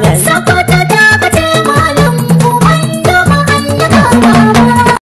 Gracias.